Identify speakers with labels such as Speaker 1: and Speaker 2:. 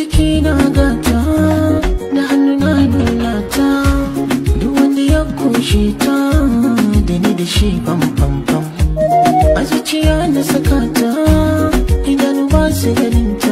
Speaker 1: jiki na gata da hannu na nunata duk wanda ya kushe ta da ni da shi pam pam pam a zuciya na sakata idan ba su ganin ta